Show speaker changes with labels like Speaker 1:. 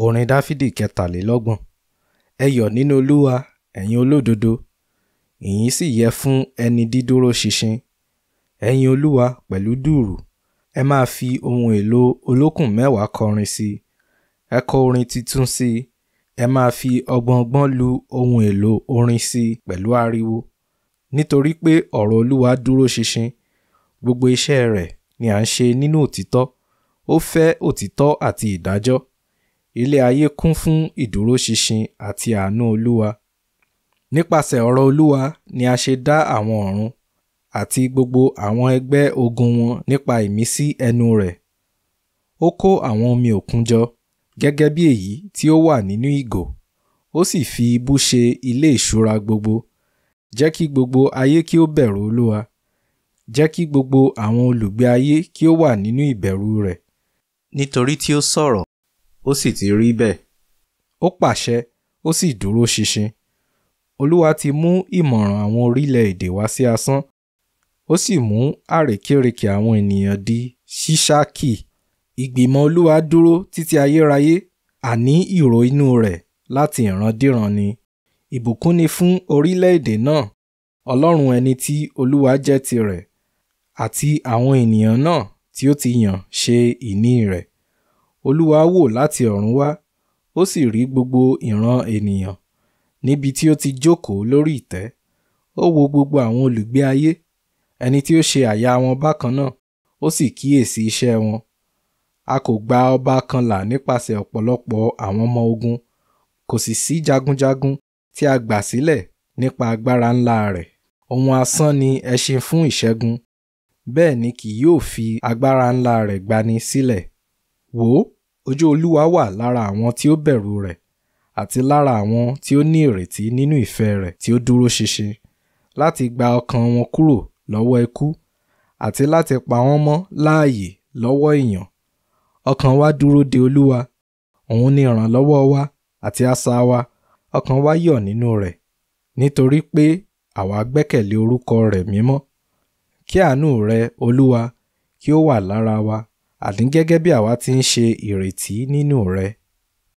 Speaker 1: orin dáfídì kẹtàlélọ́gbọ̀n ẹ yọ̀ nínú olúwa ẹ̀yin olódodo ìyìn sì yẹ fún ẹni dídúró ṣinṣin ẹ̀yin olúwa pẹ̀lú dùùrù ẹ máa fi ohun èlò olókùn mẹ́wàá kọrin sí i ẹ kọ orin titun sí i ẹ máa fi ọgbọ̀ngbọ́n lu ohun èlò orin sí i pẹ̀lú ariwo nítorí pé ọ̀rọ̀ olúwa dúró ṣinṣin gbogbo iṣẹ́ rẹ̀ ni à ń ṣe nínú òtítọ́ ó fẹ́ òtítọ́ àti ìdájọ́ ilé ayé kún fún ìdúróṣinṣin àti àánú olúwa nípasẹ̀ ọ̀rọ̀ olúwa ni a ṣe dá àwọn ọ̀run àti gbogbo àwọn ẹgbẹ́ ogun wọn nípa ìmísí ẹnu rẹ̀ ó kó àwọn omi òkun jọ gẹ́gẹ́ bí èyí tí ó wà nínú ìgò ó sì fi ibú ṣe ilé ìṣúra gbogbo jẹ́ kí gbogbo ayé kí ó bẹ̀rù olúwa jẹ́ kí gbogbo àwọn olùgbé ayé kí ó wà nínú ìbẹ̀rù rẹ̀ nítorí tí ó sọ̀rọ̀ ó sì ti rí bẹ́ẹ̀. ó pàṣẹ ó sì dúró ṣinṣin. olúwa ti mú ìmọ̀ràn àwọn orílẹ̀-èdè wá sí asán ó sì mú àrékérekè àwọn ènìyàn di ṣíṣákì. ìgbìmọ̀ olúwa dúró títí ayérayé àní ìró inú rẹ̀ láti ìrandíran ni ìbùkún ni fún orílẹ̀-èdè náà ọlọ́run ẹni tí olúwa jẹ́ tirẹ̀ àti àwọn ènìyàn náà tí ó ti yàn ṣe ìní rẹ̀. Olúwa wò láti ọ̀run wá ó sì rí gbogbo ìran ènìyàn níbi tí ó ti jókòó lórí ìtẹ́ ó wo gbogbo àwọn olùgbé ayé ẹni tí ó ṣe àyà wọn bákan náà ó sì kíyèsí iṣẹ́ wọn a kò gba ọba kan là nípasẹ̀ ọ̀pọ̀lọpọ̀ àwọn ọmọ ogun kò sì sí jagunjagun tí a gbà sílẹ̀ nípa agbára ńlá rẹ̀ ohun asán ni ẹṣin fún ìṣẹ́gun bẹ́ẹ̀ ni kì yóò fi agbára ńlá rẹ̀ gbani sílẹ̀ Wò ó, ojú Olúwa wà lára àwọn tí ó bẹ̀rù rẹ̀ àti lára àwọn tí ó ní ìrètí nínú ìfẹ́ rẹ̀ tí ó dúró ṣinṣin, láti gba ọkàn wọn kúrò lọ́wọ́ ikú àti láti pa wọ́n mọ́ láàyè lọ́wọ́ ìyàn. Ọkàn wa dúró de Olúwa, òun ni ìrànlọ́wọ́ wa àti asà wa, ọkàn wa yọ̀ nínú rẹ̀, nítorí pé àwa gbẹ́kẹ̀lé orúkọ rẹ̀ mímọ́. Kí àánú rẹ, Olúwa, kí ó wà lára wa àní gẹ́gẹ́ bí àwa ti ń ṣe ìrètí nínú rẹ̀.